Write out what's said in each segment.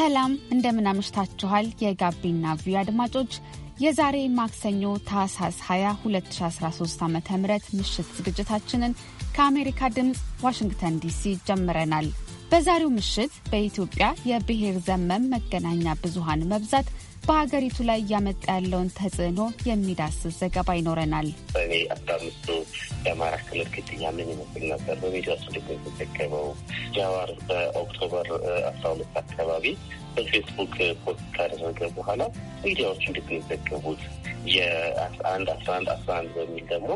ሰላም እንደምን አምሽታችኋል። የጋቢና ቪ አድማጮች የዛሬ ማክሰኞ ታህሳስ 20 2013 ዓ ም ምሽት ዝግጅታችንን ከአሜሪካ ድምፅ ዋሽንግተን ዲሲ ጀምረናል። በዛሬው ምሽት በኢትዮጵያ የብሔር ዘመም መገናኛ ብዙሃን መብዛት በሀገሪቱ ላይ እያመጣ ያለውን ተጽዕኖ የሚዳስስ ዘገባ ይኖረናል። እኔ አስራ አምስቱ የአማራ ክልል ክትኛ ምን ይመስል ነበር በሚዲያ በሚዲያዎች እንደተዘገበው ጃዋር በኦክቶበር አስራ ሁለት አካባቢ በፌስቡክ ፖስት ካደረገ በኋላ ሚዲያዎች እንዴት የዘገቡት? የአንድ በሚል ደግሞ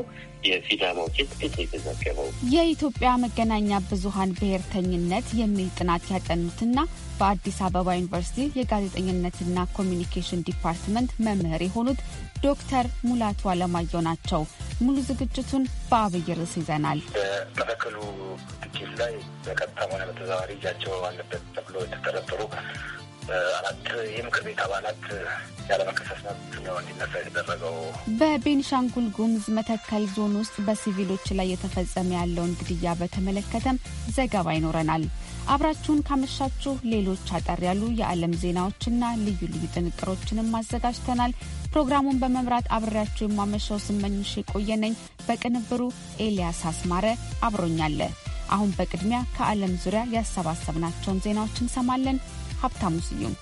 የሲዳማው የተዘገበው? የኢትዮጵያ መገናኛ ብዙኃን ብሔርተኝነት የሚል ጥናት ያጠኑትና በአዲስ አበባ ዩኒቨርሲቲ የጋዜጠኝነትና ኮሚኒኬሽን ዲፓርትመንት መምህር የሆኑት ዶክተር ሙላቱ አለማየሁ ናቸው። ሙሉ ዝግጅቱን በአብይ ርዕስ ይዘናል። በመተከሉ ግጭት ላይ በቀጥታ ሆነ በተዘዋዋሪ እጃቸው አለበት ተብሎ የተጠረጠሩ አራት የምክር ቤት አባላት ያለመከሰስ መብት ነው እንዲነሳ የተደረገው። በቤንሻንጉል ጉምዝ መተከል ዞን ውስጥ በሲቪሎች ላይ የተፈጸመ ያለውን ግድያ በተመለከተም ዘገባ ይኖረናል። አብራችሁን ካመሻችሁ ሌሎች አጠር ያሉ የዓለም ዜናዎችና ልዩ ልዩ ጥንቅሮችንም አዘጋጅተናል። ፕሮግራሙን በመምራት አብሬያችሁ የማመሻው ስመኝሽ የቆየነኝ፣ በቅንብሩ ኤልያስ አስማረ አብሮኛለ። አሁን በቅድሚያ ከዓለም ዙሪያ ያሰባሰብናቸውን ዜናዎች እንሰማለን። ሀብታሙ ስዩም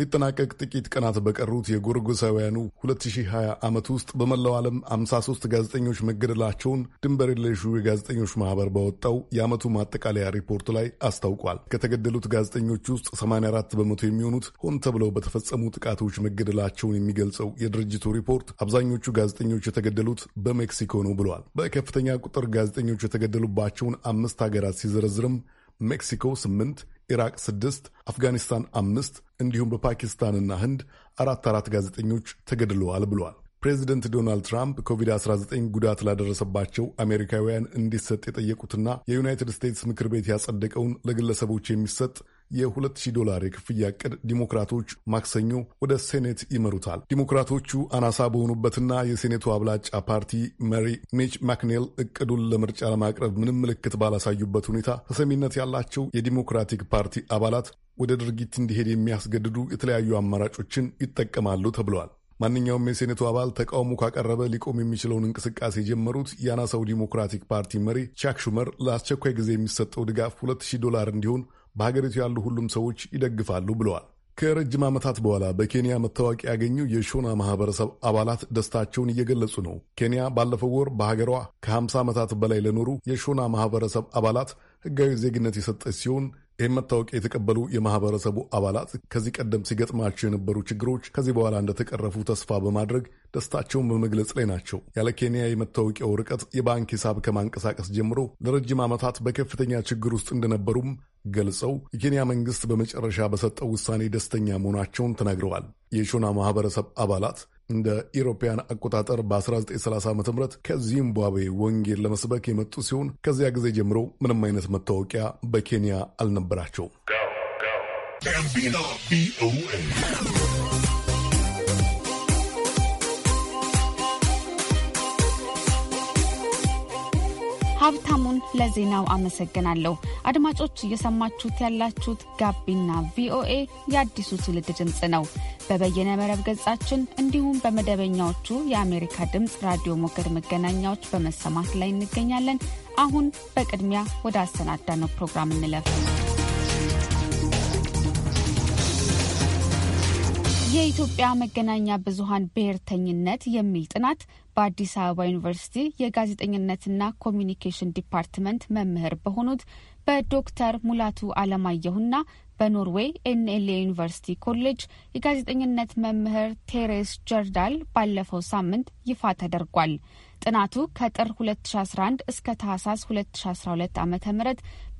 ሊጠናቀቅ ጥቂት ቀናት በቀሩት የጎርጎሳውያኑ 2020 ዓመት ውስጥ በመላው ዓለም 53 ጋዜጠኞች መገደላቸውን ድንበር የለሹ የጋዜጠኞች ማህበር ባወጣው የዓመቱ ማጠቃለያ ሪፖርት ላይ አስታውቋል። ከተገደሉት ጋዜጠኞች ውስጥ 84 በመቶ የሚሆኑት ሆን ተብለው በተፈጸሙ ጥቃቶች መገደላቸውን የሚገልጸው የድርጅቱ ሪፖርት አብዛኞቹ ጋዜጠኞች የተገደሉት በሜክሲኮ ነው ብሏል። በከፍተኛ ቁጥር ጋዜጠኞች የተገደሉባቸውን አምስት ሀገራት ሲዘረዝርም ሜክሲኮ ስምንት፣ ኢራቅ ስድስት፣ አፍጋኒስታን አምስት እንዲሁም በፓኪስታንና ህንድ አራት አራት ጋዜጠኞች ተገድለዋል ብለዋል። ፕሬዚደንት ዶናልድ ትራምፕ ኮቪድ-19 ጉዳት ላደረሰባቸው አሜሪካውያን እንዲሰጥ የጠየቁትና የዩናይትድ ስቴትስ ምክር ቤት ያጸደቀውን ለግለሰቦች የሚሰጥ የ2000 ዶላር የክፍያ እቅድ ዲሞክራቶች ማክሰኞ ወደ ሴኔት ይመሩታል። ዲሞክራቶቹ አናሳ በሆኑበትና የሴኔቱ አብላጫ ፓርቲ መሪ ሚች ማክኔል እቅዱን ለምርጫ ለማቅረብ ምንም ምልክት ባላሳዩበት ሁኔታ ተሰሚነት ያላቸው የዲሞክራቲክ ፓርቲ አባላት ወደ ድርጊት እንዲሄድ የሚያስገድዱ የተለያዩ አማራጮችን ይጠቀማሉ ተብለዋል። ማንኛውም የሴኔቱ አባል ተቃውሞ ካቀረበ ሊቆም የሚችለውን እንቅስቃሴ የጀመሩት የአናሳው ዲሞክራቲክ ፓርቲ መሪ ቻክ ሹመር ለአስቸኳይ ጊዜ የሚሰጠው ድጋፍ 200 ዶላር እንዲሆን በሀገሪቱ ያሉ ሁሉም ሰዎች ይደግፋሉ ብለዋል። ከረጅም ዓመታት በኋላ በኬንያ መታወቂያ ያገኙ የሾና ማህበረሰብ አባላት ደስታቸውን እየገለጹ ነው። ኬንያ ባለፈው ወር በሀገሯ ከ50 ዓመታት በላይ ለኖሩ የሾና ማህበረሰብ አባላት ህጋዊ ዜግነት የሰጠች ሲሆን ይህም መታወቂያ የተቀበሉ የማህበረሰቡ አባላት ከዚህ ቀደም ሲገጥማቸው የነበሩ ችግሮች ከዚህ በኋላ እንደተቀረፉ ተስፋ በማድረግ ደስታቸውን በመግለጽ ላይ ናቸው። ያለ ኬንያ የመታወቂያው ርቀት የባንክ ሂሳብ ከማንቀሳቀስ ጀምሮ ለረጅም ዓመታት በከፍተኛ ችግር ውስጥ እንደነበሩም ገልጸው የኬንያ መንግስት በመጨረሻ በሰጠው ውሳኔ ደስተኛ መሆናቸውን ተናግረዋል። የሾና ማህበረሰብ አባላት እንደ ኢሮፓያን አቆጣጠር በ1930 ዓ ም ከዚምባብዌ ወንጌል ለመስበክ የመጡ ሲሆን ከዚያ ጊዜ ጀምሮ ምንም አይነት መታወቂያ በኬንያ አልነበራቸውም። ሀብታሙን ለዜናው አመሰግናለሁ። አድማጮች እየሰማችሁት ያላችሁት ጋቢና ቪኦኤ የአዲሱ ትውልድ ድምፅ ነው። በበየነ መረብ ገጻችን እንዲሁም በመደበኛዎቹ የአሜሪካ ድምፅ ራዲዮ ሞገድ መገናኛዎች በመሰማት ላይ እንገኛለን። አሁን በቅድሚያ ወደ አሰናዳነው ፕሮግራም እንለፍ። የኢትዮጵያ መገናኛ ብዙሀን ብሔርተኝነት የሚል ጥናት በአዲስ አበባ ዩኒቨርሲቲ የጋዜጠኝነትና ኮሚኒኬሽን ዲፓርትመንት መምህር በሆኑት በዶክተር ሙላቱ አለማየሁና በኖርዌይ ኤንኤልኤ ዩኒቨርሲቲ ኮሌጅ የጋዜጠኝነት መምህር ቴሬስ ጀርዳል ባለፈው ሳምንት ይፋ ተደርጓል። ጥናቱ ከጥር 2011 እስከ ታህሳስ 2012 ዓ ም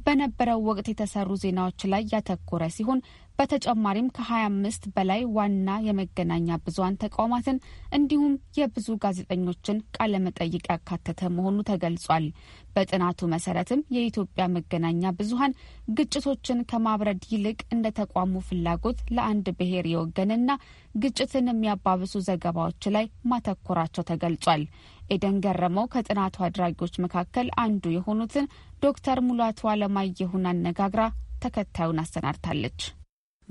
በነበረው ወቅት የተሰሩ ዜናዎች ላይ ያተኮረ ሲሆን በተጨማሪም ከ25 በላይ ዋና የመገናኛ ብዙኃን ተቋማትን እንዲሁም የብዙ ጋዜጠኞችን ቃለመጠይቅ ያካተተ መሆኑ ተገልጿል። በጥናቱ መሰረትም የኢትዮጵያ መገናኛ ብዙሀን ግጭቶችን ከማብረድ ይልቅ እንደ ተቋሙ ፍላጎት ለአንድ ብሔር የወገንና ግጭትን የሚያባብሱ ዘገባዎች ላይ ማተኮራቸው ተገልጿል። ኤደን ገረመው ከጥናቱ አድራጊዎች መካከል አንዱ የሆኑትን ዶክተር ሙላቱ አለማየሁን አነጋግራ ተከታዩን አሰናድታለች።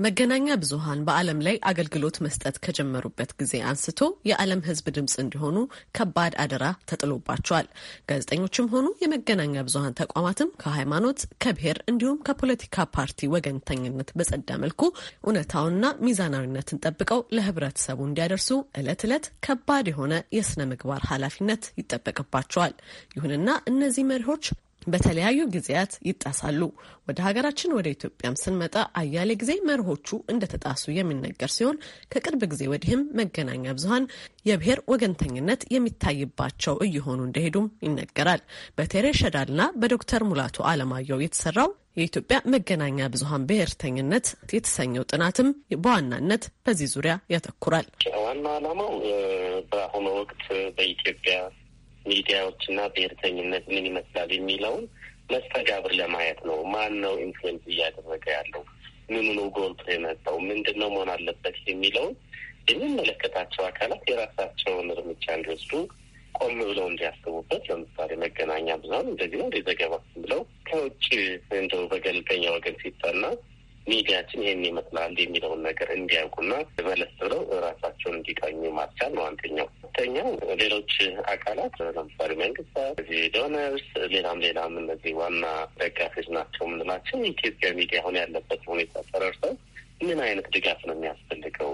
መገናኛ ብዙሃን በዓለም ላይ አገልግሎት መስጠት ከጀመሩበት ጊዜ አንስቶ የዓለም ሕዝብ ድምፅ እንዲሆኑ ከባድ አደራ ተጥሎባቸዋል። ጋዜጠኞችም ሆኑ የመገናኛ ብዙሃን ተቋማትም ከሃይማኖት፣ ከብሔር እንዲሁም ከፖለቲካ ፓርቲ ወገንተኝነት በጸዳ መልኩ እውነታውንና ሚዛናዊነትን ጠብቀው ለሕብረተሰቡ እንዲያደርሱ ዕለት ዕለት ከባድ የሆነ የስነ ምግባር ኃላፊነት ይጠበቅባቸዋል። ይሁንና እነዚህ መሪዎች በተለያዩ ጊዜያት ይጣሳሉ። ወደ ሀገራችን ወደ ኢትዮጵያም ስንመጣ አያሌ ጊዜ መርሆቹ እንደተጣሱ የሚነገር ሲሆን ከቅርብ ጊዜ ወዲህም መገናኛ ብዙኃን የብሔር ወገንተኝነት የሚታይባቸው እየሆኑ እንደሄዱም ይነገራል። በቴሬ ሸዳልና በዶክተር ሙላቱ አለማየሁ የተሰራው የኢትዮጵያ መገናኛ ብዙኃን ብሔርተኝነት የተሰኘው ጥናትም በዋናነት በዚህ ዙሪያ ያተኩራል። ዋና ዓላማው በአሁኑ ወቅት በኢትዮጵያ ሚዲያዎችና ብሔርተኝነት ምን ይመስላል የሚለውን መስተጋብር ለማየት ነው። ማን ነው ኢንፍሉዌንስ እያደረገ ያለው? ምኑ ነው ጎልቶ የመጣው? ምንድን ነው መሆን አለበት የሚለውን የሚመለከታቸው አካላት የራሳቸውን እርምጃ እንዲወስዱ ቆም ብለው እንዲያስቡበት። ለምሳሌ መገናኛ ብዙኃን እንደዚህ ነው እንደዘገባ ብለው ከውጭ እንደው በገለልተኛ ወገን ሲጠና ሚዲያችን ይህን ይመስላል የሚለውን ነገር እንዲያውቁና መለስ ብለው እራሳቸውን እንዲቃኙ ማስቻል ነው አንደኛው። ሁለተኛው ሌሎች አካላት ለምሳሌ መንግስታት፣ እዚህ ዶነርስ፣ ሌላም ሌላም እነዚህ ዋና ደጋፊዎች ናቸው የምንላቸው የኢትዮጵያ ሚዲያ አሁን ያለበት ሁኔታ ተረርሰው ምን አይነት ድጋፍ ነው የሚያስፈልገው፣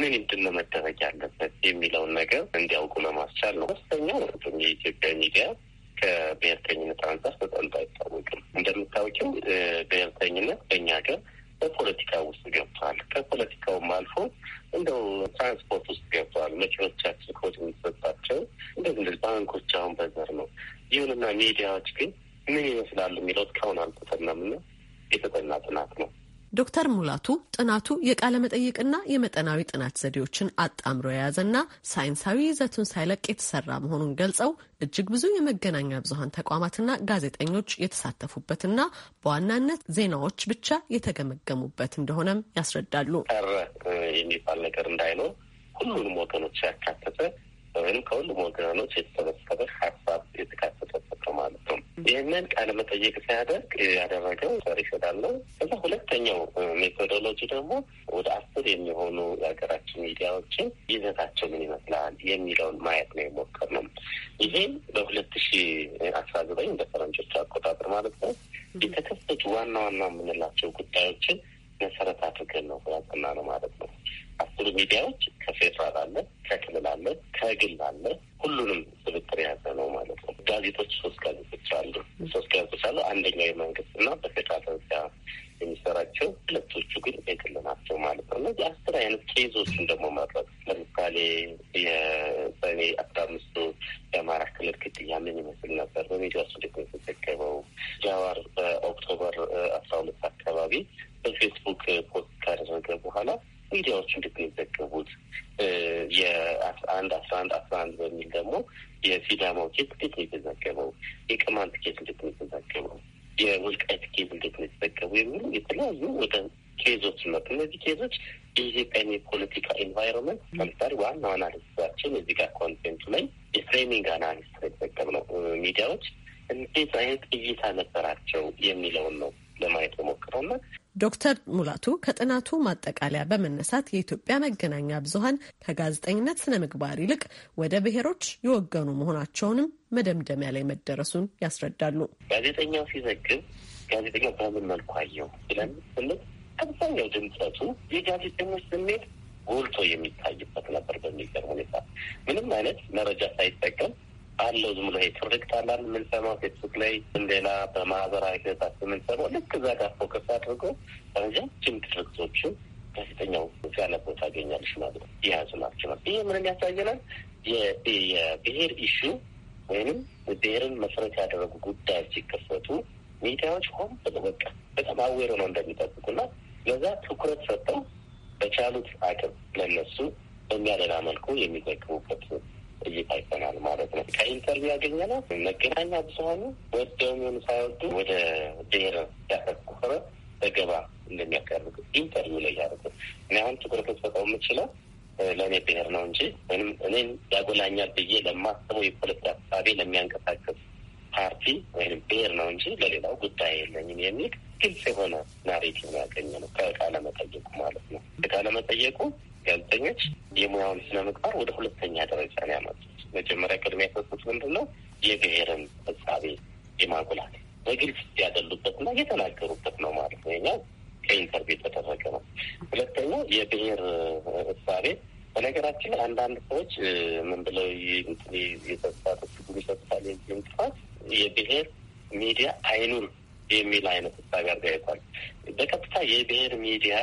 ምን ምንድነው መደረግ ያለበት የሚለውን ነገር እንዲያውቁ ለማስቻል ነው። ሶስተኛው የኢትዮጵያ ሚዲያ ከብሔርተኝነት አንጻር ተጠንቶ አይታወቅም። እንደምታወቂው ብሔርተኝነት በእኛ ሀገር በፖለቲካ ውስጥ ገብቷል። ከፖለቲካውም አልፎ እንደው ትራንስፖርት ውስጥ ገብቷል። መኪኖቻችን ኮት የሚሰጣቸው እንደዚህ ባንኮች አሁን በዘር ነው። ይሁንና ሚዲያዎች ግን ምን ይመስላሉ የሚለው እስካሁን አልተጠናምና የተጠና ጥናት ነው። ዶክተር ሙላቱ ጥናቱ መጠይቅና የመጠናዊ ጥናት ዘዴዎችን አጣምሮ የያዘና ሳይንሳዊ ይዘቱን ሳይለቅ የተሰራ መሆኑን ገልጸው እጅግ ብዙ የመገናኛ ብዙሀን ተቋማትና ጋዜጠኞች የተሳተፉበትና በዋናነት ዜናዎች ብቻ የተገመገሙበት እንደሆነም ያስረዳሉ። ቀረ የሚባል ነገር እንዳይኖር ሁሉንም ወገኖች ያካተተ ወይም ከሁሉም ወገኖች የተሰበሰበ ሀሳብ የተካተተበት ነው ማለት ነው። ይህንን ቃለ መጠየቅ ሲያደርግ ያደረገው ሰሪ ይሸዳል ነው። ከዛ ሁለተኛው ሜቶዶሎጂ ደግሞ ወደ አስር የሚሆኑ የሀገራችን ሚዲያዎችን ይዘታቸው ምን ይመስላል የሚለውን ማየት ነው የሞከር ነው። ይህም በሁለት ሺ አስራ ዘጠኝ እንደ ፈረንጆች አቆጣጠር ማለት ነው የተከሰቱ ዋና ዋና የምንላቸው ጉዳዮችን መሰረት አድርገን ነው ያጠና ነው ማለት ነው። አስሩ ሚዲያዎች ከፌዴራል አለ፣ ከክልል አለ፣ ከግል አለ። ሁሉንም ስብጥር የያዘ ነው ማለት ነው። ጋዜጦች ሶስት ጋዜጦች አሉ። ሶስት ጋዜጦች አሉ። አንደኛው የመንግስት እና በፌዴራል ደረጃ የሚሰራቸው ሁለቶቹ ግን የግል ናቸው ማለት ነው። እነዚህ አስር አይነት ኬዞችን ደግሞ መረጥ ለምሳሌ እና ዶክተር ሙላቱ ከጥናቱ ማጠቃለያ በመነሳት የኢትዮጵያ መገናኛ ብዙኃን ከጋዜጠኝነት ስነ ምግባር ይልቅ ወደ ብሔሮች የወገኑ መሆናቸውንም መደምደሚያ ላይ መደረሱን ያስረዳሉ። ጋዜጠኛው ሲዘግብ ጋዜጠኛው በምን መልኩ አየው ብለን ስንል አብዛኛው ድምጸቱ የጋዜጠኞች ስሜት ጎልቶ የሚታይበት ነበር። በሚገርም ሁኔታ ምንም አይነት መረጃ ሳይጠቀም አለው ዝም ብሎ ፕሮጀክት አላል የምንሰማው ፌስቡክ ላይ እንደና በማህበራዊ ህይወታችን የምንሰማው ልክ እዛ ጋር ፎከስ አድርጎ ረጃጅም ትርክቶችን ያለ ቦታ ታገኛለች ማለት ነው። የያዙ ናቸው ማለት ይህ ምንም ያሳየናል። የብሄር ኢሹ ወይንም ብሄርን መሰረት ያደረጉ ጉዳዮች ሲከፈቱ ሚዲያዎች ሆን ብሎ በቃ በጣም አዌሮ ነው እንደሚጠብቁና ለዛ ትኩረት ሰጠው በቻሉት አቅም ለነሱ በሚያደላ መልኩ የሚጠቅሙበት እይታ አይተናል ማለት ነው። ከኢንተርቪው ነው መገናኛ ብዙኃኑ ወደው የሚሆኑ ሳይወዱ ወደ ብሔር ያተኮረ ዘገባ እንደሚያቀርብ ኢንተርቪው ላይ ያደርጉት እኔ አሁን ትኩረት ልሰጠው የምችለው ለእኔ ብሔር ነው እንጂ ወይም እኔም ያጎላኛል ብዬ ለማስበው የፖለቲካ ሀሳቤ ለሚያንቀሳቀስ ፓርቲ ወይም ብሔር ነው እንጂ ለሌላው ጉዳይ የለኝም የሚል ግልጽ የሆነ ናሬቲቭ ነው ያገኘ ነው ከቃለ መጠየቁ ማለት ነው። ከቃለ መጠየቁ ጋዜጠኞች የሙያውን ስነ ምግባር ወደ ሁለተኛ ደረጃ ነው ያመጡት። መጀመሪያ ቅድሚያ የሰጡት ምንድን ነው? የብሔርን እሳቤ የማጉላት በግልጽ ያደሉበትና እየተናገሩበት ነው ማለት ነው። ኛው ከኢንተርቪው የተደረገ ነው። ሁለተኛ የብሔር እሳቤ በነገራችን ላይ አንዳንድ ሰዎች ምን ብለው የተሳት ትጉ ይሰጡታል። የዚህም ጥፋት የብሔር ሚዲያ አይኑር የሚል አይነት እሳቤ አርጋይቷል። በቀጥታ የብሔር ሚዲያ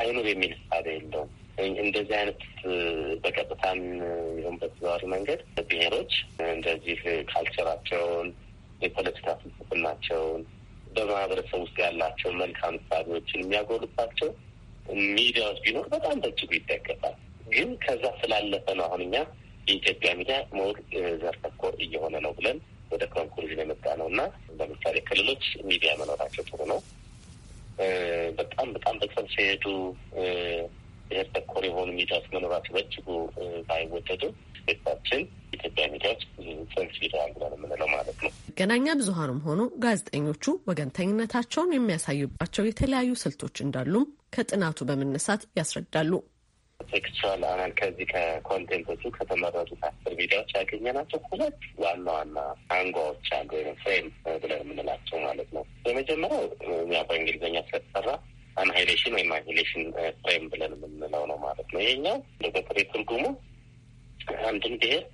አይኑር የሚል ሳቤ የለውም። እንደዚህ አይነት በቀጥታም ይሁን በተዘዋዋሪ መንገድ ብሔሮች እንደዚህ ካልቸራቸውን፣ የፖለቲካ ፍልስፍናቸውን፣ በማህበረሰብ ውስጥ ያላቸው መልካም ሳቢዎችን የሚያጎሉባቸው ሚዲያዎች ቢኖር በጣም በእጅጉ ይደገፋል። ግን ከዛ ስላለፈ ነው አሁን እኛ የኢትዮጵያ ሚዲያ መውድ ዘር ተኮር እየሆነ ነው ብለን ወደ ኮንክሉዥን የመጣ ነው እና ለምሳሌ ክልሎች ሚዲያ መኖራቸው ጥሩ ነው። በጣም በጣም በጣም ሲሄዱ ብሔር ተኮር የሆኑ ሚዲያዎች መኖራቸው በእጅጉ ባይወደዱ ቤታችን ኢትዮጵያ ሚዲያዎች ሰልፍ ሄደዋል ብለን የምንለው ማለት ነው። መገናኛ ብዙሀኑም ሆኑ ጋዜጠኞቹ ወገንተኝነታቸውን የሚያሳዩባቸው የተለያዩ ስልቶች እንዳሉም ከጥናቱ በመነሳት ያስረዳሉ። ቴክስቹዋል አናል ከዚህ ከኮንቴንቶቹ ከተመረጡት አስር ሚዲያዎች ያገኘናቸው ሁለት ዋና ዋና አንጓዎች አሉ ወይም ፍሬም ብለን የምንላቸው ማለት ነው። የመጀመሪያው ያ በእንግሊዝኛ ስለተሰራ አንሃይሌሽን ወይም አንሂሌሽን ፍሬም ብለን የምንለው ነው ማለት ነው። ይሄኛው በጥሬ ትርጉሙ አንድን ብሄር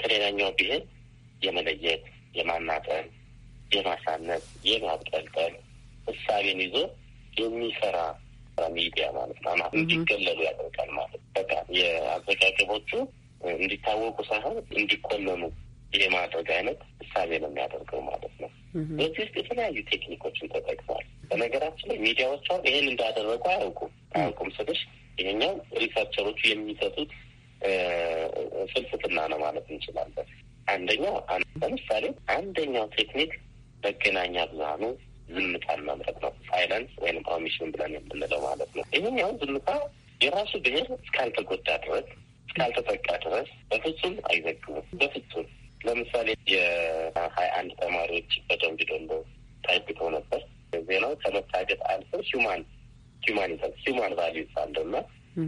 ከሌላኛው ብሄር የመለየት፣ የማናጠል፣ የማሳነት፣ የማብጠልጠል እሳቤን ይዞ የሚሰራ ሚዲያ ማለት ነው እንዲገለሉ ያደርጋል ማለት በቃ የአዘጋገቦቹ እንዲታወቁ ሳይሆን እንዲኮነኑ የማድረግ አይነት እሳቤ ነው የሚያደርገው ማለት ነው። በዚህ ውስጥ የተለያዩ ቴክኒኮችን ተጠቅመዋል። በነገራችን ላይ ሚዲያዎች አሁን እንዳደረጉ አያውቁም አያውቁም ስልሽ ይሄኛው ሪሰርቸሮቹ የሚሰጡት ፍልስፍና ነው ማለት እንችላለን። አንደኛው ለምሳሌ አንደኛው ቴክኒክ መገናኛ ብዙሃኑ ዝምታን መምረጥ ነው። ሳይለንስ ወይም ኦሚሽን ብለን የምንለው ማለት ነው። ይህኛው ዝምታ የራሱ ብሔር እስካልተጎዳ ድረስ እስካልተጠቃ ድረስ በፍጹም አይዘግቡም። በፍጹም ለምሳሌ የሀያ አንድ ተማሪዎች በደንብ ደሎ ታይብቶ ነበር። ዜናው ከመታገጥ አልፎ ሂውማን ሁማኒተር ሁማን ቫሊዩስ አለውና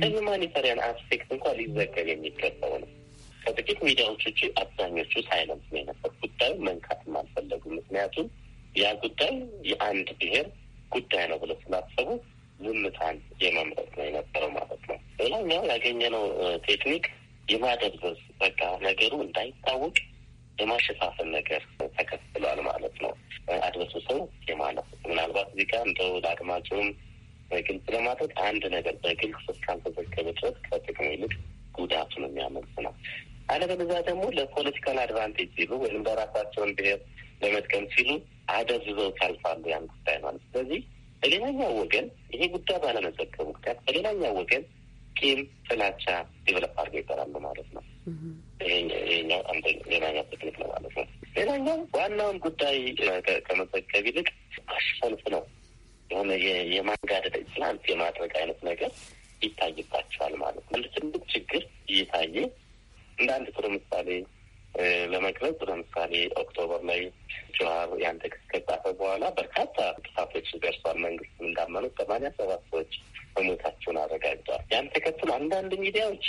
ከሁማኒተሪያን አስፔክት እንኳ ሊዘገብ የሚገባው ነው። ከጥቂት ሚዲያዎች ውጭ አብዛኞቹ ሳይለንስ ነው የነበር። ጉዳዩ መንካትም አልፈለጉም። ምክንያቱም ያ ጉዳይ የአንድ ብሔር ጉዳይ ነው ብለው ስላሰቡ ዝምታን የመምረጥ ነው የነበረው ማለት ነው። ሌላኛው ያገኘነው ቴክኒክ የማደብዘዝ በቃ ነገሩ እንዳይታወቅ የማሸፋፈን ነገር ተከትሏል ማለት ነው። አድበሱ ሰው የማለፍ ምናልባት እዚህ ጋር እንደው ለአድማጭውም በግልጽ ለማድረግ አንድ ነገር በግልጽ እስካልተዘገበ ድረስ ከጥቅሙ ይልቅ ጉዳቱን የሚያመልስ ነው። አለበለዚያ ደግሞ ለፖለቲካል አድቫንቴጅ ሲሉ ወይም ለራሳቸውን ብሄር ለመጥቀም ሲሉ አደብዝዘው ካልፋሉ ጉዳይ ማለት። ስለዚህ በሌላኛው ወገን ይሄ ጉዳይ ባለመዘገቡ ምክንያት በሌላኛው ወገን ቂም፣ ጥላቻ ዲቨሎፕ አድርገው ይጠራሉ ማለት ነው። ይሄኛው አንደኛው ሌላኛው ቴክኒክ ነው ማለት ነው። ሌላኛው ዋናውን ጉዳይ ከመዘገብ ይልቅ አሽፈልፍ ነው የሆነ የማንጋደድ ኢንፍሉዌንስ የማድረግ አይነት ነገር ይታይባቸዋል ማለት ነው። አንድ ትልቅ ችግር እየታየ እንደ አንድ ጥሩ ምሳሌ ለመቅረጽ ለምሳሌ ኦክቶበር ላይ ጀዋር ያን ክስ ከጻፈ በኋላ በርካታ ጥፋቶች ደርሷል። መንግስት እንዳመኑ ሰማንያ ሰባት ሰዎች መሞታቸውን አረጋግጠዋል። ያን ተከትሎ አንዳንድ ሚዲያዎች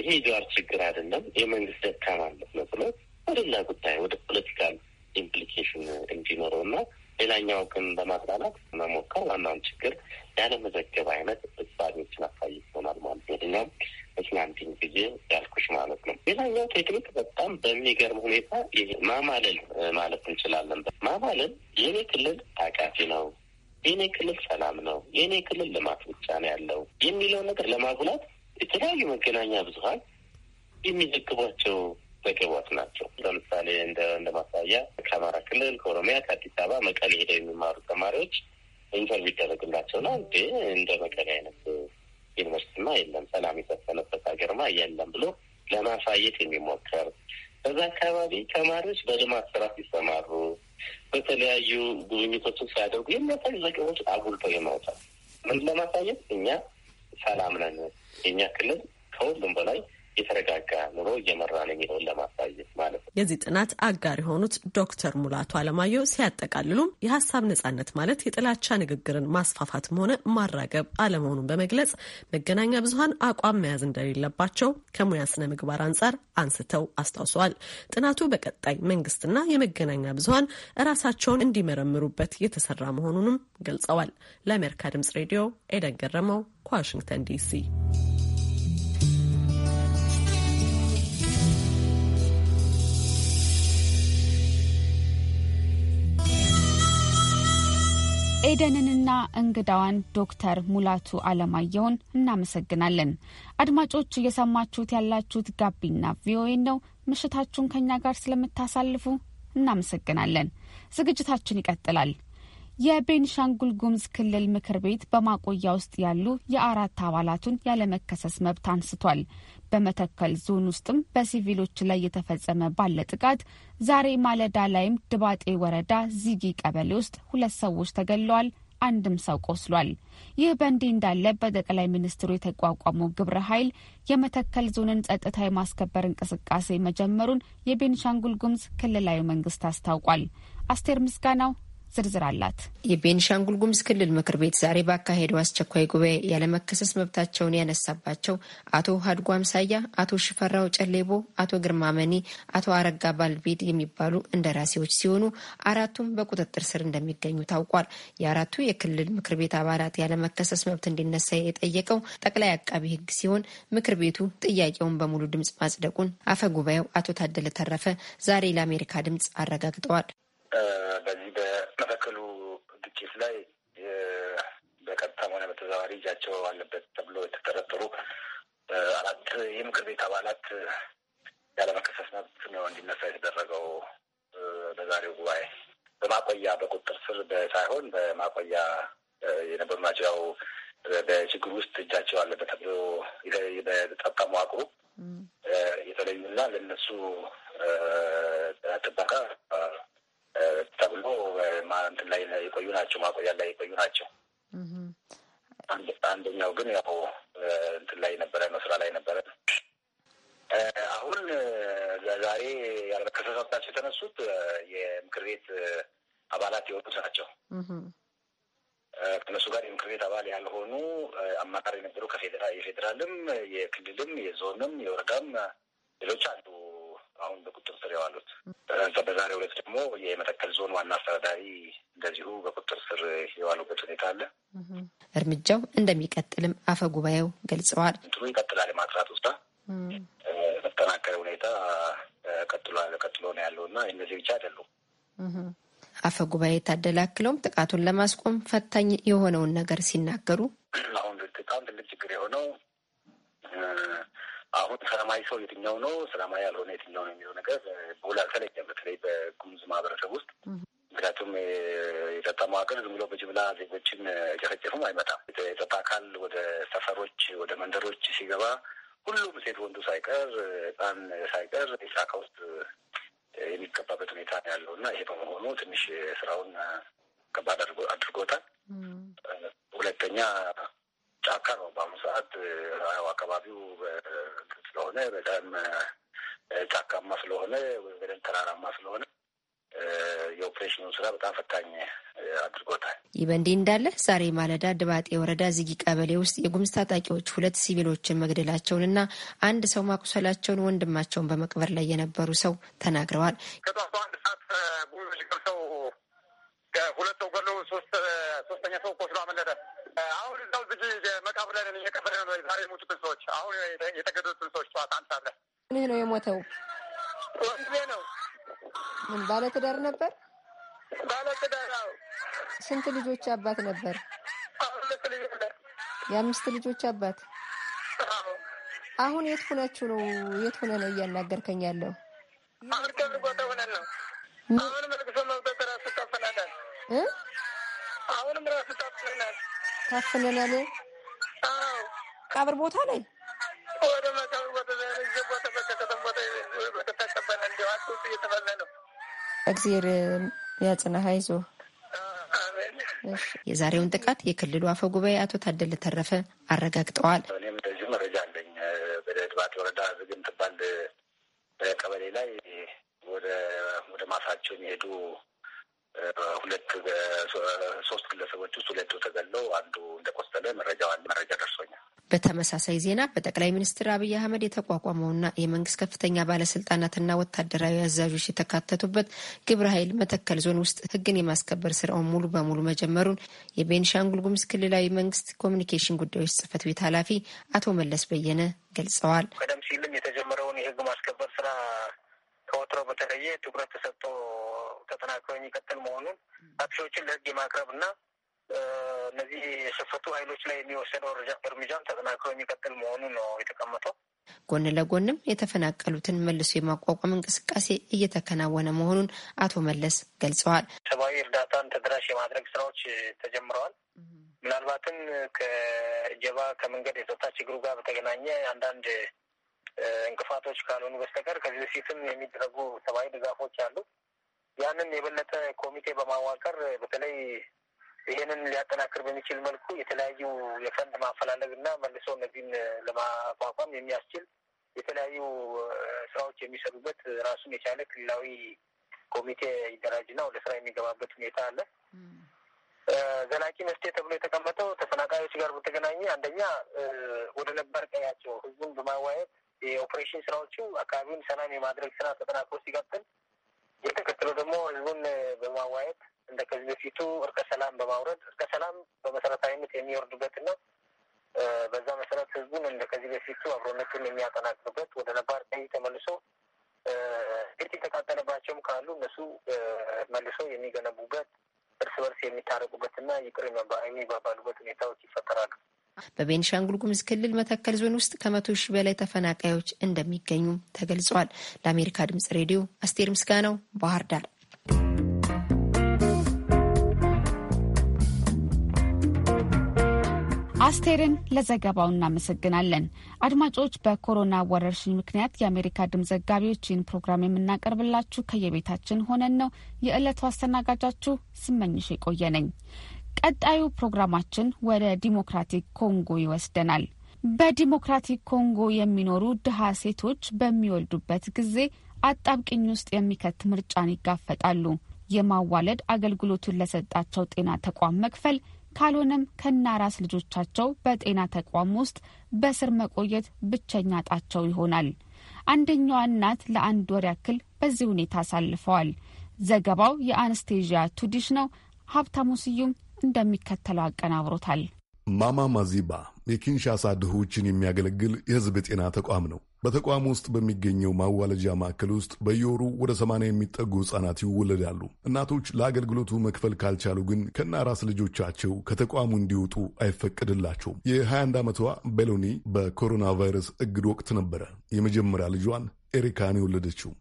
ይሄ የጀዋር ችግር አይደለም የመንግስት ደካማነት ነው ብለው ወደ ጉዳይ ወደ ፖለቲካል ኢምፕሊኬሽን እንዲኖረው እና ሌላኛው ግን ለማጥላላት መሞከር ዋናውን ችግር ያለመዘገብ አይነት አሳይ ይሆናል ማለት ነው። ተስማምቲኝ ጊዜ ያልኩሽ ማለት ነው። ሌላኛው ቴክኒክ በጣም በሚገርም ሁኔታ ማማለል ማለት እንችላለን። ማማለል የኔ ክልል ታቃፊ ነው፣ የኔ ክልል ሰላም ነው፣ የኔ ክልል ልማት ብቻ ነው ያለው የሚለው ነገር ለማጉላት የተለያዩ መገናኛ ብዙኃን የሚዘግቧቸው ዘገባዎች ናቸው። ለምሳሌ እንደ እንደ ማሳያ ከአማራ ክልል፣ ከኦሮሚያ፣ ከአዲስ አበባ መቀሌ ሄደው የሚማሩ ተማሪዎች ኢንተርቪው ይደረግላቸውና እንደ መቀሌ አይነት ዩኒቨርሲቲማ የለም፣ ሰላም የሰፈነበት ሀገርማ የለም ብሎ ለማሳየት የሚሞከር በዛ አካባቢ ተማሪዎች በልማት ስራ ሲሰማሩ በተለያዩ ጉብኝቶችን ሲያደርጉ የሚያሳዩ ዘገቦች አጉልቶ የማውጣት ምን ለማሳየት እኛ ሰላም ነን፣ የኛ ክልል ከሁሉም በላይ የተረጋጋ ኑሮ እየመራ ነው የሚለውን ለማሳየት ማለት ነው። የዚህ ጥናት አጋር የሆኑት ዶክተር ሙላቱ አለማየሁ ሲያጠቃልሉም የሀሳብ ነጻነት ማለት የጥላቻ ንግግርን ማስፋፋትም ሆነ ማራገብ አለመሆኑን በመግለጽ መገናኛ ብዙኃን አቋም መያዝ እንደሌለባቸው ከሙያ ስነ ምግባር አንጻር አንስተው አስታውሰዋል። ጥናቱ በቀጣይ መንግስትና የመገናኛ ብዙኃን እራሳቸውን እንዲመረምሩበት የተሰራ መሆኑንም ገልጸዋል። ለአሜሪካ ድምጽ ሬዲዮ ኤደን ገረመው ከዋሽንግተን ዲሲ ኤደንንና እንግዳዋን ዶክተር ሙላቱ አለማየሁን እናመሰግናለን። አድማጮች እየሰማችሁት ያላችሁት ጋቢና ቪኦኤ ነው። ምሽታችሁን ከእኛ ጋር ስለምታሳልፉ እናመሰግናለን። ዝግጅታችን ይቀጥላል። የቤንሻንጉል ጉምዝ ክልል ምክር ቤት በማቆያ ውስጥ ያሉ የአራት አባላቱን ያለመከሰስ መብት አንስቷል። በመተከል ዞን ውስጥም በሲቪሎች ላይ የተፈጸመ ባለ ጥቃት ዛሬ ማለዳ ላይም ድባጤ ወረዳ ዚጊ ቀበሌ ውስጥ ሁለት ሰዎች ተገለዋል። አንድም ሰው ቆስሏል። ይህ በእንዲህ እንዳለ በጠቅላይ ሚኒስትሩ የተቋቋመው ግብረ ኃይል የመተከል ዞንን ጸጥታ የማስከበር እንቅስቃሴ መጀመሩን የቤንሻንጉል ጉምዝ ክልላዊ መንግስት አስታውቋል። አስቴር ምስጋናው ዝርዝር አላት። የቤኒሻንጉል ጉምዝ ክልል ምክር ቤት ዛሬ ባካሄደው አስቸኳይ ጉባኤ ያለመከሰስ መብታቸውን ያነሳባቸው አቶ ሀድጎ አምሳያ፣ አቶ ሽፈራው ጨሌቦ፣ አቶ ግርማ መኒ፣ አቶ አረጋ ባልቤድ የሚባሉ እንደራሴዎች ሲሆኑ አራቱም በቁጥጥር ስር እንደሚገኙ ታውቋል። የአራቱ የክልል ምክር ቤት አባላት ያለመከሰስ መብት እንዲነሳ የጠየቀው ጠቅላይ አቃቢ ሕግ ሲሆን ምክር ቤቱ ጥያቄውን በሙሉ ድምጽ ማጽደቁን አፈ ጉባኤው አቶ ታደለ ተረፈ ዛሬ ለአሜሪካ ድምጽ አረጋግጠዋል። በዚህ በመፈክሉ ግጭት ላይ በቀጥታም ሆነ በተዘዋዋሪ እጃቸው አለበት ተብሎ የተጠረጠሩ አራት የምክር ቤት አባላት ያለመከሰስ መብት ነው እንዲነሳ የተደረገው በዛሬው ጉባኤ በማቆያ በቁጥር ስር ሳይሆን በማቆያ የነበሩ ናቸው። ያው በችግር ውስጥ እጃቸው አለበት ተብሎ በጸጥታ መዋቅሩ የተለዩና ለነሱ ጥበቃ እንትን ላይ የቆዩ ናቸው፣ ማቆያ ላይ የቆዩ ናቸው። አንደኛው ግን ያው እንትን ላይ ነበረ ነው፣ ስራ ላይ ነበረ። አሁን ዛሬ ከሰሳታቸው የተነሱት የምክር ቤት አባላት የሆኑት ናቸው። ከነሱ ጋር የምክር ቤት አባል ያልሆኑ አማካሪ የነበሩ የፌዴራልም፣ የክልልም፣ የዞንም፣ የወረዳም ሌሎች አሉ። አሁን ስር የዋሉት። በዛሬው ዕለት ደግሞ የመተከል ዞን ዋና አስተዳዳሪ እንደዚሁ በቁጥር ስር የዋሉበት ሁኔታ አለ። እርምጃው እንደሚቀጥልም አፈ ጉባኤው ገልጸዋል። እንትኑ ይቀጥላል። የማጥራት ውስጣ መጠናከረ ሁኔታ ቀጥሏል ቀጥሎ ነው ያለው እና እነዚህ ብቻ አይደሉም። አፈ ጉባኤ ታደለ አክለውም ጥቃቱን ለማስቆም ፈታኝ የሆነውን ነገር ሲናገሩ የትኛው ነው ሰላማዊ ያልሆነ የትኛው ነው የሚለው ነገር ጎላ አልተለየም፣ በተለይ በጉሙዝ ማህበረሰብ ውስጥ ምክንያቱም የጸጥታ መዋቅር ዝም ብሎ በጅምላ ዜጎችን ጨፈጨፉም አይመጣም። የጸጥታ አካል ወደ ሰፈሮች ወደ መንደሮች ሲገባ ሁሉም ሴት ወንዱ ሳይቀር ሕፃን ሳይቀር ጫካ ውስጥ የሚገባበት ሁኔታ ያለው እና ይሄ በመሆኑ ትንሽ ስራውን ከባድ አድርጎታል። ሁለተኛ ጫካ ነው። በአሁኑ ሰዓት አካባቢው ስለሆነ በጣም ጫካማ ስለሆነ ወይም ተራራማ ስለሆነ የኦፕሬሽኑ ስራ በጣም ፈታኝ አድርጎታል። ይህ በእንዲህ እንዳለ ዛሬ ማለዳ ድባጤ ወረዳ ዝጊ ቀበሌ ውስጥ የጉምዝ ታጣቂዎች ሁለት ሲቪሎችን መግደላቸውንና አንድ ሰው ማቁሰላቸውን ወንድማቸውን በመቅበር ላይ የነበሩ ሰው ተናግረዋል። ከጠዋቱ አንድ ሰዓት ጉምዞች ገብተው ሁለት ሰው ገሎ ሶስት ሶስተኛ ሰው ቆስሎ አመለጠ። አሁን እዛው ዝግ መቃብር ላይ ነን፣ እየቀበረ ነው ዛሬ የሞቱትን ሰዎች፣ አሁን የተገደሉትን ሰዎች። ጠዋት አንድ አለ። ላይ ምንህ ነው የሞተው? ወንድ ነው። ምን ባለትዳር ነበር? ባለትዳር ነው። ስንት ልጆች አባት ነበር? የአምስት ልጆች አባት። አሁን የት ሆናችሁ ነው? የት ሆነ ነው እያናገርከኝ ያለው? አሁን ከምን ቦታ ሆነን ነው አሁን መልክሶ መውጠት ራሱ አሁንም ራሱ ታፍነናል ታፍነናል። ቀብር ቦታ ላይ ወደ መቃብር ቦታ ላይ ቦታ ቦታ ተቀበለ ነው። የዛሬውን ጥቃት የክልሉ አፈ ጉባኤ አቶ ታደለ ተረፈ አረጋግጠዋል። እኔም እንደዚሁ መረጃ አለኝ። ወረዳ ትባል ቀበሌ ላይ ወደ ሁለት ሶስት ግለሰቦች ውስጥ ሁለቱ ተገለው አንዱ እንደቆሰለ መረጃ መረጃ ደርሶኛል። በተመሳሳይ ዜና በጠቅላይ ሚኒስትር አብይ አህመድ የተቋቋመውና የመንግስት ከፍተኛ ባለስልጣናትና ወታደራዊ አዛዦች የተካተቱበት ግብረ ኃይል መተከል ዞን ውስጥ ህግን የማስከበር ስራውን ሙሉ በሙሉ መጀመሩን የቤንሻንጉል ጉምዝ ክልላዊ መንግስት ኮሚኒኬሽን ጉዳዮች ጽህፈት ቤት ኃላፊ አቶ መለስ በየነ ገልጸዋል። ቀደም ሲልም የተጀመረውን የህግ ማስከበር ስራ ከወትሮ በተለየ ትኩረት ተሰጥቶ ተጠናክረው የሚቀጥል መሆኑን አጥፊዎችን ለህግ የማቅረብ እና እነዚህ የሸፈቱ ኃይሎች ላይ የሚወሰደው እርምጃም ተጠናክሮ የሚቀጥል መሆኑ ነው የተቀመጠው። ጎን ለጎንም የተፈናቀሉትን መልሶ የማቋቋም እንቅስቃሴ እየተከናወነ መሆኑን አቶ መለስ ገልጸዋል። ሰብአዊ እርዳታን ተደራሽ የማድረግ ስራዎች ተጀምረዋል። ምናልባትም ከጀባ ከመንገድ የጸጥታ ችግሩ ጋር በተገናኘ አንዳንድ እንቅፋቶች ካልሆኑ በስተቀር ከዚህ በፊትም የሚደረጉ ሰብአዊ ድጋፎች አሉ። ያንን የበለጠ ኮሚቴ በማዋቀር በተለይ ይህንን ሊያጠናክር በሚችል መልኩ የተለያዩ የፈንድ ማፈላለግ እና መልሶ እነዚህን ለማቋቋም የሚያስችል የተለያዩ ስራዎች የሚሰሩበት ራሱን የቻለ ክልላዊ ኮሚቴ ይደራጅና ወደ ስራ የሚገባበት ሁኔታ አለ። ዘላቂ መፍትሄ ተብሎ የተቀመጠው ተፈናቃዮች ጋር በተገናኘ አንደኛ ወደ ነባር ቀያቸው ህዝቡን በማዋየት የኦፕሬሽን ስራዎቹ አካባቢውን ሰላም የማድረግ ስራ ተጠናክሮ ሲቀጥል ይህ ተከትሎ ደግሞ ህዝቡን በማዋየት እንደ ከዚህ በፊቱ እርቀ ሰላም በማውረድ እርቀ ሰላም በመሰረታዊነት የሚወርድበትና በዛ መሰረት ህዝቡን እንደ ከዚህ በፊቱ አብሮነቱን የሚያጠናክርበት ወደ ነባር ቀይ ተመልሶ ግጭት የተቃጠለባቸውም ካሉ እነሱ መልሶ የሚገነቡበት እርስ በርስ የሚታረቁበትና ይቅር የሚባባሉበት ሁኔታዎች ይፈጠራሉ። በቤንሻንጉል ጉሙዝ ክልል መተከል ዞን ውስጥ ከመቶ ሺህ በላይ ተፈናቃዮች እንደሚገኙ ተገልጿል። ለአሜሪካ ድምጽ ሬዲዮ አስቴር ምስጋናው ባህር ዳር። አስቴርን ለዘገባው እናመሰግናለን። አድማጮች፣ በኮሮና ወረርሽኝ ምክንያት የአሜሪካ ድምፅ ዘጋቢዎች ይህን ፕሮግራም የምናቀርብላችሁ ከየቤታችን ሆነን ነው። የዕለቱ አስተናጋጃችሁ ስመኝሽ የቆየ ነኝ። ቀጣዩ ፕሮግራማችን ወደ ዲሞክራቲክ ኮንጎ ይወስደናል። በዲሞክራቲክ ኮንጎ የሚኖሩ ድሃ ሴቶች በሚወልዱበት ጊዜ አጣብቂኝ ውስጥ የሚከት ምርጫን ይጋፈጣሉ። የማዋለድ አገልግሎቱን ለሰጣቸው ጤና ተቋም መክፈል ካልሆነም ከናራስ ልጆቻቸው በጤና ተቋም ውስጥ በስር መቆየት ብቸኛ ጣቸው ይሆናል። አንደኛዋ እናት ለአንድ ወር ያክል በዚህ ሁኔታ አሳልፈዋል። ዘገባው የአንስቴዥያ ቱዲሽ ነው። ሀብታሙ ስዩም እንደሚከተለው አቀናብሮታል። ማማ ማዚባ የኪንሻሳ ድሆችን የሚያገለግል የህዝብ ጤና ተቋም ነው። በተቋም ውስጥ በሚገኘው ማዋለጃ ማዕከል ውስጥ በየወሩ ወደ ሰማንያ የሚጠጉ ህጻናት ይወለዳሉ። እናቶች ለአገልግሎቱ መክፈል ካልቻሉ ግን ከና ራስ ልጆቻቸው ከተቋሙ እንዲወጡ አይፈቀድላቸውም። የ21 ዓመቷ ቤሎኒ በኮሮና ቫይረስ እግድ ወቅት ነበረ የመጀመሪያ ልጇን ኤሪካን የወለደችው።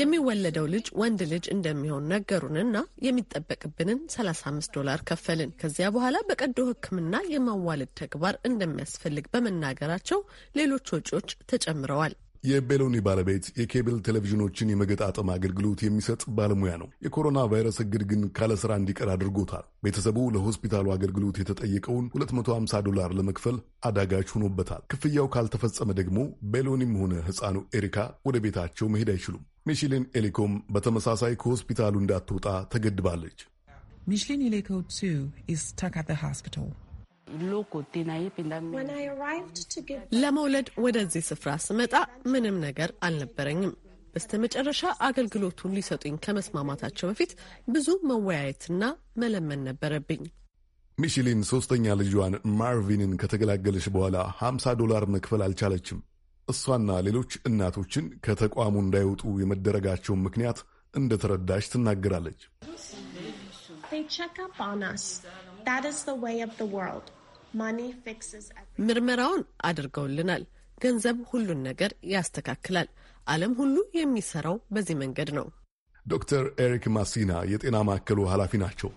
የሚወለደው ልጅ ወንድ ልጅ እንደሚሆን ነገሩንና የሚጠበቅብንን 35 ዶላር ከፈልን። ከዚያ በኋላ በቀዶ ሕክምና የማዋለድ ተግባር እንደሚያስፈልግ በመናገራቸው ሌሎች ወጪዎች ተጨምረዋል። የቤሎኒ ባለቤት የኬብል ቴሌቪዥኖችን የመገጣጠም አገልግሎት የሚሰጥ ባለሙያ ነው። የኮሮና ቫይረስ እግድ ግን ካለ ስራ እንዲቀር አድርጎታል። ቤተሰቡ ለሆስፒታሉ አገልግሎት የተጠየቀውን 250 ዶላር ለመክፈል አዳጋች ሆኖበታል። ክፍያው ካልተፈጸመ ደግሞ ቤሎኒም ሆነ ሕፃኑ ኤሪካ ወደ ቤታቸው መሄድ አይችሉም። ሚሽሊን ኤሊኮም በተመሳሳይ ከሆስፒታሉ እንዳትወጣ ተገድባለች። ሚሽሊን ኤሊኮ ስታክ አት ሆስፒታል ለመውለድ ወደዚህ ስፍራ ስመጣ ምንም ነገር አልነበረኝም። በስተመጨረሻ አገልግሎቱን ሊሰጡኝ ከመስማማታቸው በፊት ብዙ መወያየትና መለመን ነበረብኝ። ሚሽሊን ሶስተኛ ልጇን ማርቪንን ከተገላገለች በኋላ 50 ዶላር መክፈል አልቻለችም። እሷና ሌሎች እናቶችን ከተቋሙ እንዳይወጡ የመደረጋቸውን ምክንያት እንደተረዳች ትናገራለች። ምርመራውን አድርገውልናል። ገንዘብ ሁሉን ነገር ያስተካክላል። ዓለም ሁሉ የሚሰራው በዚህ መንገድ ነው። ዶክተር ኤሪክ ማሲና የጤና ማዕከሉ ኃላፊ ናቸው።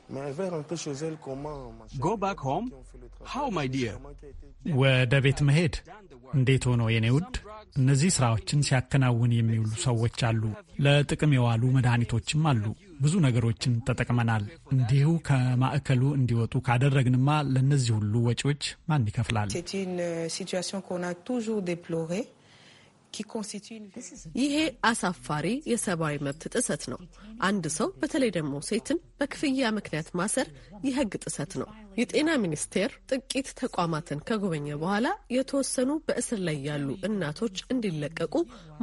ወደ ቤት መሄድ እንዴት ሆኖ የኔ ውድ? እነዚህ ሥራዎችን ሲያከናውን የሚውሉ ሰዎች አሉ። ለጥቅም የዋሉ መድኃኒቶችም አሉ። ብዙ ነገሮችን ተጠቅመናል። እንዲሁ ከማዕከሉ እንዲወጡ ካደረግንማ ለእነዚህ ሁሉ ወጪዎች ማን ይከፍላል? ይሄ አሳፋሪ የሰብአዊ መብት ጥሰት ነው። አንድ ሰው በተለይ ደግሞ ሴትን በክፍያ ምክንያት ማሰር የህግ ጥሰት ነው። የጤና ሚኒስቴር ጥቂት ተቋማትን ከጎበኘ በኋላ የተወሰኑ በእስር ላይ ያሉ እናቶች እንዲለቀቁ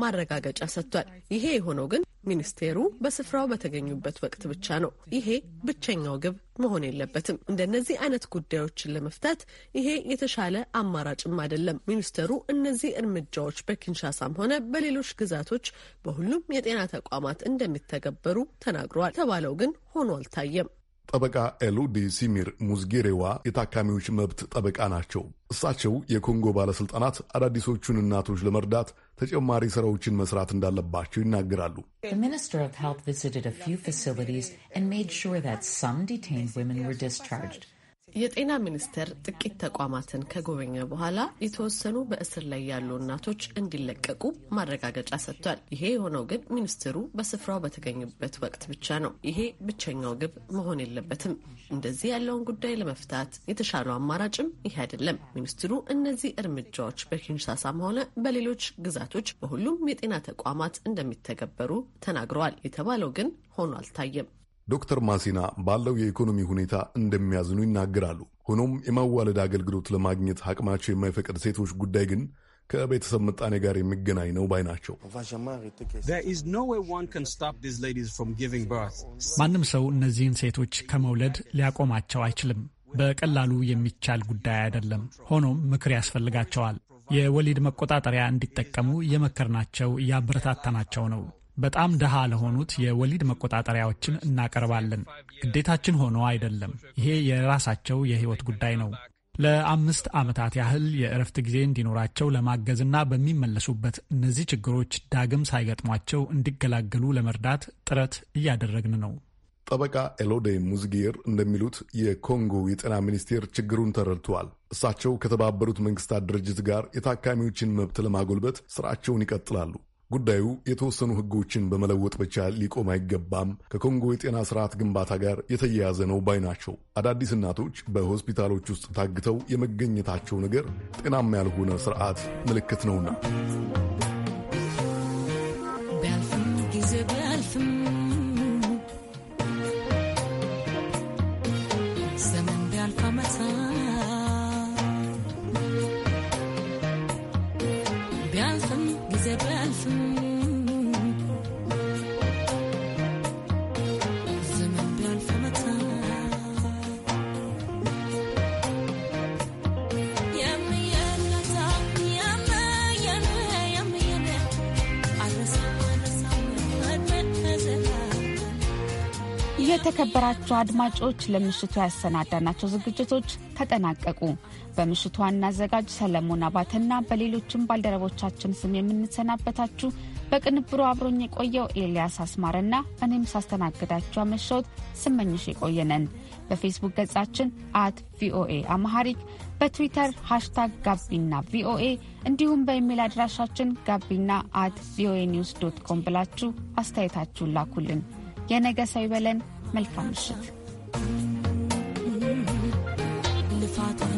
ማረጋገጫ ሰጥቷል። ይሄ የሆነው ግን ሚኒስቴሩ በስፍራው በተገኙበት ወቅት ብቻ ነው። ይሄ ብቸኛው ግብ መሆን የለበትም። እንደነዚህ አይነት ጉዳዮችን ለመፍታት ይሄ የተሻለ አማራጭም አይደለም። ሚኒስቴሩ እነዚህ እርምጃዎች በኪንሻሳም ሆነ በሌሎች ግዛቶች በሁሉም የጤና ተቋማት እንደሚተገበሩ ተናግረዋል። የተባለው ግን ሆኗል። አልታየም። ጠበቃ ኤሉዲ ሲሚር ሙዝጌሬዋ የታካሚዎች መብት ጠበቃ ናቸው። እሳቸው የኮንጎ ባለሥልጣናት አዳዲሶቹን እናቶች ለመርዳት ተጨማሪ ሥራዎችን መስራት እንዳለባቸው ይናገራሉ። ሚኒስትር ኦፍ ሄልት ቪዚትድ አ ፊው ፋሲሊቲስ ኤንድ ሜድ ሹር ዛት ሰም ዲቴይንድ ወመን ወር ዲስቻርጅድ የጤና ሚኒስቴር ጥቂት ተቋማትን ከጎበኘ በኋላ የተወሰኑ በእስር ላይ ያሉ እናቶች እንዲለቀቁ ማረጋገጫ ሰጥቷል። ይሄ የሆነው ግን ሚኒስትሩ በስፍራው በተገኙበት ወቅት ብቻ ነው። ይሄ ብቸኛው ግብ መሆን የለበትም። እንደዚህ ያለውን ጉዳይ ለመፍታት የተሻለው አማራጭም ይሄ አይደለም። ሚኒስትሩ እነዚህ እርምጃዎች በኪንሻሳም ሆነ በሌሎች ግዛቶች በሁሉም የጤና ተቋማት እንደሚተገበሩ ተናግረዋል። የተባለው ግን ሆኖ አልታየም። ዶክተር ማሲና ባለው የኢኮኖሚ ሁኔታ እንደሚያዝኑ ይናገራሉ። ሆኖም የማዋለድ አገልግሎት ለማግኘት አቅማቸው የማይፈቅድ ሴቶች ጉዳይ ግን ከቤተሰብ ምጣኔ ጋር የሚገናኝ ነው ባይ ናቸው። ማንም ሰው እነዚህን ሴቶች ከመውለድ ሊያቆማቸው አይችልም። በቀላሉ የሚቻል ጉዳይ አይደለም። ሆኖም ምክር ያስፈልጋቸዋል። የወሊድ መቆጣጠሪያ እንዲጠቀሙ እየመከርናቸው እያበረታታናቸው ነው። በጣም ደሃ ለሆኑት የወሊድ መቆጣጠሪያዎችን እናቀርባለን። ግዴታችን ሆኖ አይደለም። ይሄ የራሳቸው የህይወት ጉዳይ ነው። ለአምስት ዓመታት ያህል የእረፍት ጊዜ እንዲኖራቸው ለማገዝና በሚመለሱበት እነዚህ ችግሮች ዳግም ሳይገጥሟቸው እንዲገላገሉ ለመርዳት ጥረት እያደረግን ነው። ጠበቃ ኤሎዴ ሙዝጌር እንደሚሉት የኮንጎ የጤና ሚኒስቴር ችግሩን ተረድተዋል። እሳቸው ከተባበሩት መንግስታት ድርጅት ጋር የታካሚዎችን መብት ለማጎልበት ስራቸውን ይቀጥላሉ። ጉዳዩ የተወሰኑ ህጎችን በመለወጥ ብቻ ሊቆም አይገባም፣ ከኮንጎ የጤና ስርዓት ግንባታ ጋር የተያያዘ ነው ባይ ናቸው። አዳዲስ እናቶች በሆስፒታሎች ውስጥ ታግተው የመገኘታቸው ነገር ጤናማ ያልሆነ ስርዓት ምልክት ነውና። የተከበራችሁ አድማጮች ለምሽቱ ያሰናዳናቸው ዝግጅቶች ተጠናቀቁ። በምሽቱ ዋና አዘጋጅ ሰለሞን አባተና በሌሎችም ባልደረቦቻችን ስም የምንሰናበታችሁ በቅንብሩ አብሮኝ የቆየው ኤልያስ አስማረና እኔም ሳስተናግዳችሁ አመሻወት ስመኝሽ የቆየነን። በፌስቡክ ገጻችን አት ቪኦኤ አማሐሪክ በትዊተር ሃሽታግ ጋቢና ቪኦኤ እንዲሁም በኢሜይል አድራሻችን ጋቢና አት ቪኦኤ ኒውስ ዶት ኮም ብላችሁ አስተያየታችሁን ላኩልን። የነገ ሰው ይበለን። መልካም ምሽት።